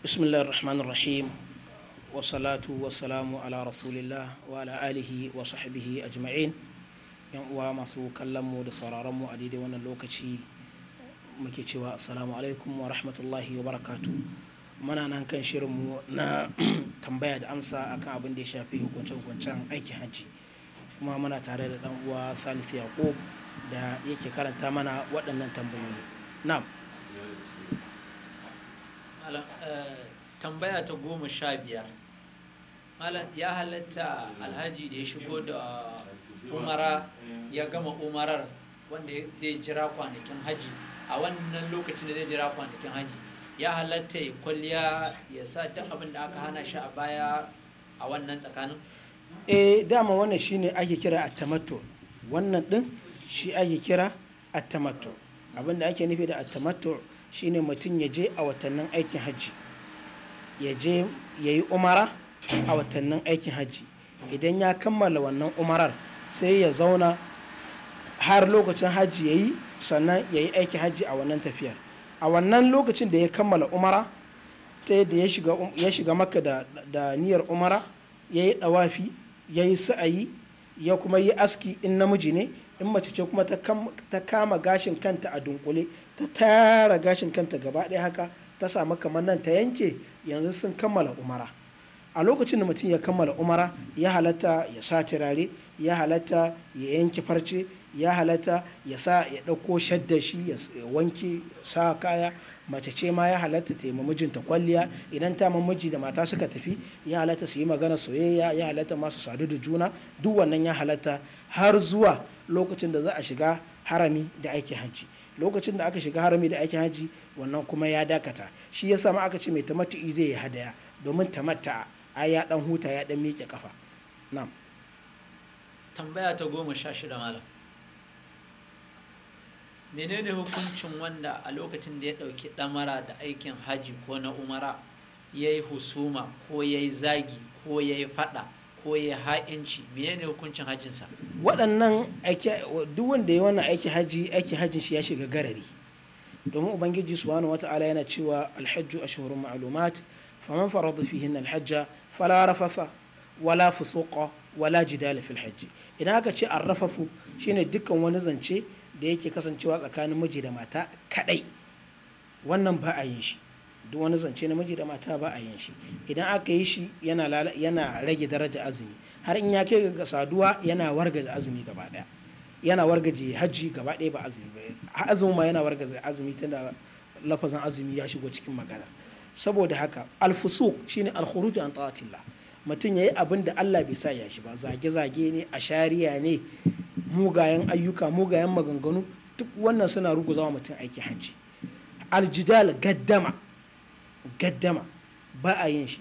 بسم الله الرحمن الرحيم ala والسلام على رسول الله wa sahibihi a jima'in yan uwa masu kallon mu da sauraron mu a daidai wannan lokaci muke cewa assalamu alaikum wa rahmatullahi wa barakatu muna nan kan shirin mu na tambaya da amsa akan abin da ya shafi hukunce-hukuncen aikin hajji kuma muna tare da dan uwa salisu yaqub da yake karanta mana waɗannan tambayoyi na'am Eh, tambaya ta goma sha biyar ya halatta alhaji da ya shigo da umara ya gama umarar wanda zai jira kwanakin haji a wannan lokacin da zai jira kwanakin haji ya halatta ya kwalliya ya sa duk abin da aka hana shi a baya a wannan tsakanin eh dama wannan shine ake kira a tamato wannan din shi ake kira tamato abin da ake nufi da tamato. shine mutum ya je a watannin aikin hajji ya je ya yi umara a watannin aikin hajji idan ya kammala wannan umarar sai ya zauna har lokacin hajji ya yi sannan ya yi aikin hajji a wannan tafiyar a wannan lokacin da ya kammala umara ta yadda ya shiga um, maka da niyyar umara ya yi ɗawafi ya yi sa'ayi ya kuma yi aski in namiji ne in mace ce kuma ta kama gashin kanta a dunkule ta tara gashin kanta gaba ɗaya haka ta samu kamar nan ta yanke yanzu sun kammala umara a lokacin da mutum ya kammala umara ya halatta ya sa turare ya halatta ya yanke farce ya halatta ya sa ya ɗauko shadda shi ya wanke sa kaya mace ce ma ya halatta ta yi mijinta kwalliya idan ta miji da mata suka tafi ya halatta su yi magana soyayya ya halatta masu sadu da juna duk wannan ya halatta har zuwa lokacin da za a shiga harami da aikin hanci lokacin da aka shiga harami da aikin hajji wannan kuma ya dakata shi ya sama aka ce mai tamattu'i zai yi hadaya domin tamatta a ya dan huta ya dan miƙe kafa na'am tambaya ta goma sha shida malam menene hukuncin wanda a lokacin da ya ɗauki ɗamara da aikin haji ko na umara ya yi husuma ko ya yi zagi ko ya yi faɗa ko ya yi ha'inci menene hukuncin hajjinsa waɗannan duk wanda ya wannan aiki haji aiki hajjin shi ya shiga garari domin ubangiji subhanahu wata'ala yana cewa alhajju ashhurun ma'lumat faman farada fihin alhajja fala rafasa wala fusuqa wala jidala fil hajji idan aka ce arrafasu shine dukkan wani zance da yake kasancewa tsakanin miji da mata kadai wannan ba a yin shi duk wani zance na miji da mata ba a yin shi idan aka yi shi yana rage daraja azumi har in ya kai ga saduwa yana warga azumi gaba daya yana je hajji gaba daya ba azumi ba azumi ma yana warga azumi tunda lafazin azumi ya shigo cikin magana saboda haka alfusuk shine alkhuruj an ta'atillah mutum yayi abin da Allah bai sa ya shi ba zage zage ne shari'a ne mugayen ayyuka mugayen maganganu duk wannan suna ruguza wa mutum aiki hajji aljidal gaddama gaddama ba a yin shi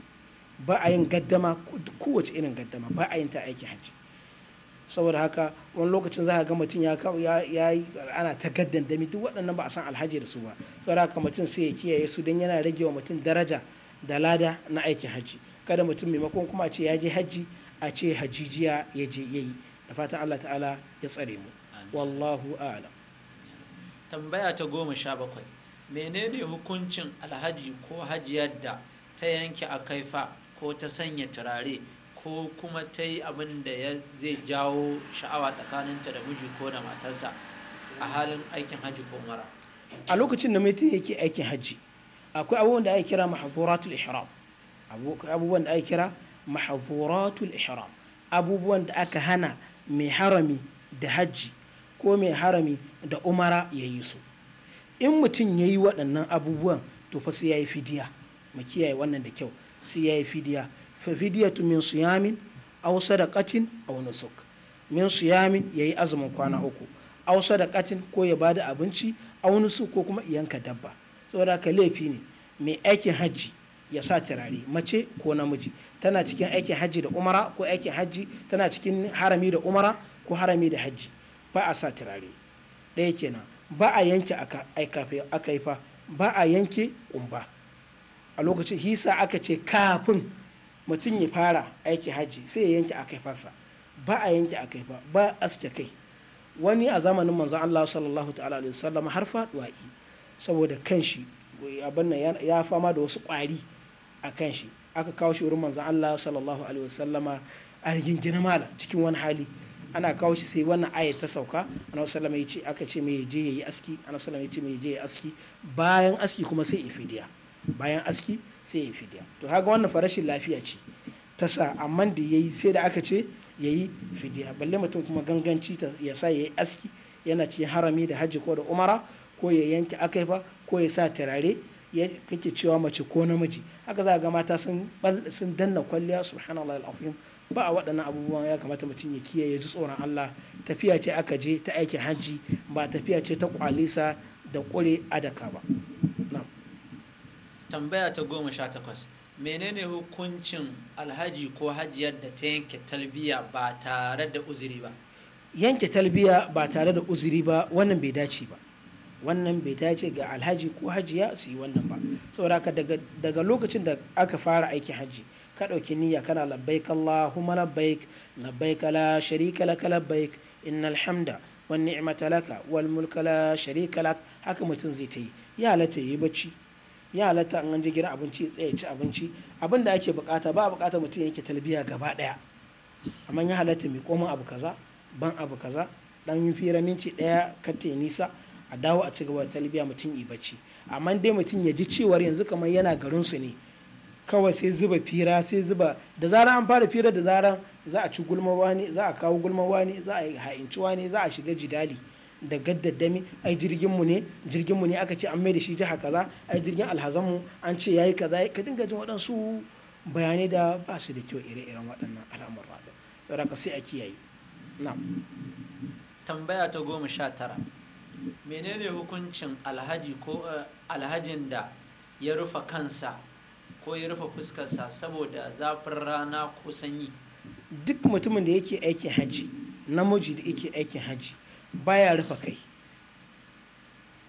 ba a yin gaddama kowace irin gaddama ba a yin ta aiki hajji saboda haka wani lokacin za a ga mutum ya yi ana ta gaddan dami duk waɗannan ba a san alhaji da su ba saboda haka mutum sai ya kiyaye su don yana rage wa mutum daraja da lada na aiki hajji kada mutum maimakon kuma a ce ya je hajji a ce hajjijiya ya je ya yi da fatan Allah ta'ala ya tsare mu wallahu a'lam tambaya ta goma sha bakwai menene hukuncin alhaji ko hajiyar da ta yanke a kaifa ko ta sanya turare ko kuma ta yi abin da zai jawo sha'awa tsakaninta da miji ko da matarsa a halin aikin haji ko mara a lokacin da mutum yake aikin haji akwai abubuwan da ake kira mahazuratul ihram abubuwan da ake kira mahazuratul ihram abubuwan da aka hana mai harami da hajji ko mai harami da umara ya yi su in mutum ya yi waɗannan abubuwan to fa sai ya yi fidiya mu kiyaye wannan da kyau sai ya yi fidiya fa fidiya tu min da aw sadaqatin aw nusuk min yamin ya yi azumin kwana uku da sadaqatin ko ya bada abinci aw nusuk ko kuma iyanka dabba saboda ka laifi ne mai aikin hajji ya sa turare mace ko namiji tana cikin aikin hajji da umara ko aikin hajji tana cikin harami da umara ko harami da hajji ba a sa turare ɗaya kenan ba a yanke akaifa ba a yanke kumba a lokacin hisa aka ce kafin mutum ya fara aikin hajji sai ya yanke fasa ba a yanke fa ba aske kai wani a zamanin manzo Allah sallallahu ta'ala alaihi wasallam har faduwa saboda kanshi abin nan ya fama da wasu ƙwari a kan shi aka kawo shi wurin manzan Allah sallallahu alaihi wasallama a rigingine mala cikin wani hali ana kawo shi sai wannan aya ta sauka ana sallama ya ce aka ce mai je yayi aski ana sallama ya ce mai je yayi aski bayan aski kuma sai ifidiya bayan aski sai ifidiya to kaga wannan farashin lafiya ce ta sa amma da yayi sai da aka ce yayi fidiya balle mutum kuma ganganci ya sa yayi aski yana ci harami da hajji ko da umara ko ya yanke ba ko ya sa turare kake cewa mace ko namiji haka za a ga mata sun danna kwalliya subhanallah al'afin ba a waɗannan abubuwan ya kamata mutum ya kiyaye ji tsoron Allah tafiya ce aka je ta aiki hajji ba tafiya ce ta kwalisa da kure adaka ba tambaya ta goma sha takwas menene hukuncin alhaji ko hajiyar da ta yanke talbiya ba tare da uzuri ba yanke talbiya ba tare da uzuri ba wannan bai dace ba wannan bai dace ga alhaji ko hajiya su yi wannan ba saboda haka daga lokacin da aka fara aikin hajji ka ɗauki niyya kana labbaik Allahumma labbaik labbaik la sharika laka labbaik innal hamda wan ni'mata laka wal mulka la sharika lak haka mutum zai ta yi ya halatta yi bacci ya halatta an an je abinci ya ci abinci abin da ake bukata ba a bukata mutum yake talbiya gaba daya amma ya halatta mai koma abu kaza ban abu kaza dan yi fira minti daya ka nisa a dawo a ci gaba da talibiya mutum yi bacci amma dai mutum ya ji cewar yanzu kamar yana garin su ne kawai sai zuba fira sai zuba da zarar an fara fira da zarar za a ci gulma wani za a kawo gulma wani za a ha'inci wani za a shiga jidali da gaddadami ai jirgin mu ne jirgin mu ne aka ce an mai da shi jiha kaza ai jirgin alhazan mu an ce yayi kaza ka dinga jin waɗansu bayanai da ba su da kyau ire-iren waɗannan al'amura da saboda ka sai a kiyaye na tambaya ta goma sha tara menene hukuncin alhaji ko eh, alhajin da ya rufe kansa ko ya rufe fuskarsa saboda zafin rana ko sanyi duk mutumin da yake aikin haji namiji da yake aikin haji baya rufe kai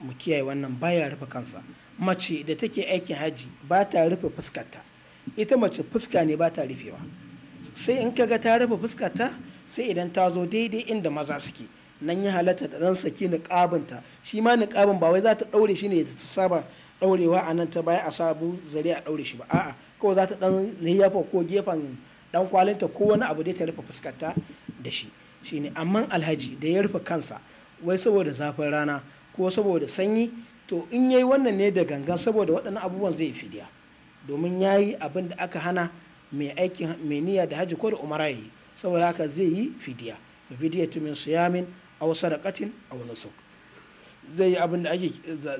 mu kiyaye wannan baya rufe kansa mace da take aikin haji ba ta rufe fuskarta ita mace fuska ne ba ta rufewa sai in ka ga ta rufe fuskarta sai idan ta zo daidai inda maza suke nan yi halatta da ɗan saki niqabinta shi ma niƙabin ba wai za ta daure shi ne ta saba daurewa a nan ta baya a sabu zare a ɗaure shi ba a'a kawai za ta dan yafa ko gefen dan kwalinta ko wani abu dai ta rufe fuskarta da shi shi ne amma alhaji da ya rufe kansa wai saboda zafin rana ko saboda sanyi to in yayi wannan ne da gangan saboda waɗannan abubuwan zai fidiya domin ya yi abin da aka hana mai aikin mai niyya da haji ko da umara yi saboda haka zai yi fidiya fidiyatu min siyamin a sadaqatin aw nusuk zai yi abin da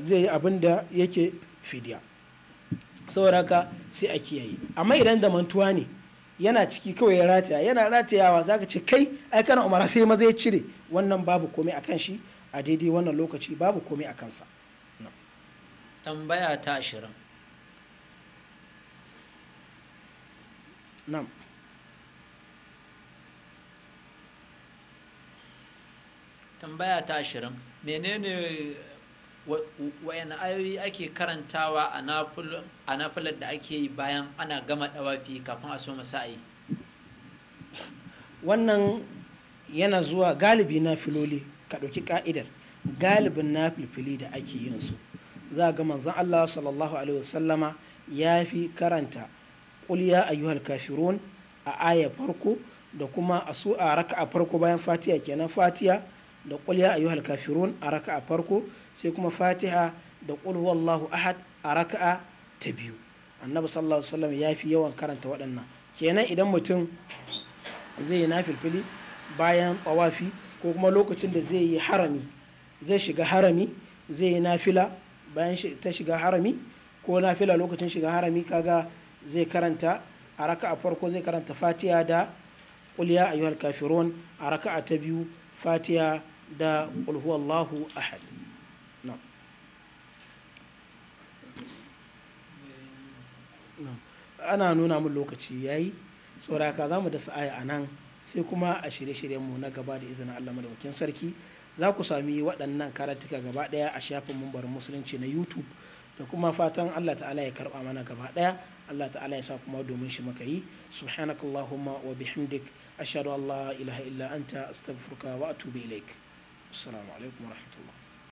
zai yi abin da yake fidiya saboda haka sai a kiyaye amma idan da mantuwa ne yana ciki kawai ya rataya yana ratayawa zaka ce kai ai kana umara sai maza ya cire wannan babu komai akan shi a daidai wannan lokaci babu komai a kansa tambaya ta ashirin tambaya ta ashirin menene wayan ayoyi ake karantawa a nafilar da ake yi bayan ana gama dawafi kafin a so masa'ayi wannan yana zuwa galibi na filoli ka ɗauki ka'idar galibin na filfili da ake yin su za ga manzan Allah sallallahu alaihi wasallama ya fi karanta ƙulya ayyuhal kafirun a aya farko da kuma a su a raka a farko bayan fatiya kenan fatiya da ƙul ya ayyuhal kafirun a raka'a farko sai kuma fatiha da ƙul huwallahu ahad a raka'a ta biyu annabi sallallahu alaihi wasallam ya fi yawan karanta waɗannan kenan idan mutum zai yi nafilfili bayan tawafi ko kuma lokacin da zai yi harami zai shiga harami zai yi nafila bayan ta shiga harami ko nafila lokacin shiga harami kaga zai karanta a a farko zai karanta fatiha da ƙulya ya ayyuhal kafirun a raka'a ta biyu fatiha da ƙulhuwallahu ahad ana nuna mun lokaci ya yi tsoraka za mu da sa'aya a nan sai kuma a shirye-shiryenmu na gaba da izinin allah madawakin sarki za ku sami waɗannan karatuka gaba ɗaya a shafin mumbarin musulunci na youtube da kuma fatan allah ta'ala ya karɓa mana gaba ɗaya allah ta'ala ya sa kuma domin shi muka yi subhanakallahumma wa bihamdik ashhadu an la ilaha illa anta astaghfiruka wa atubu ilaik والسلام عليكم ورحمة الله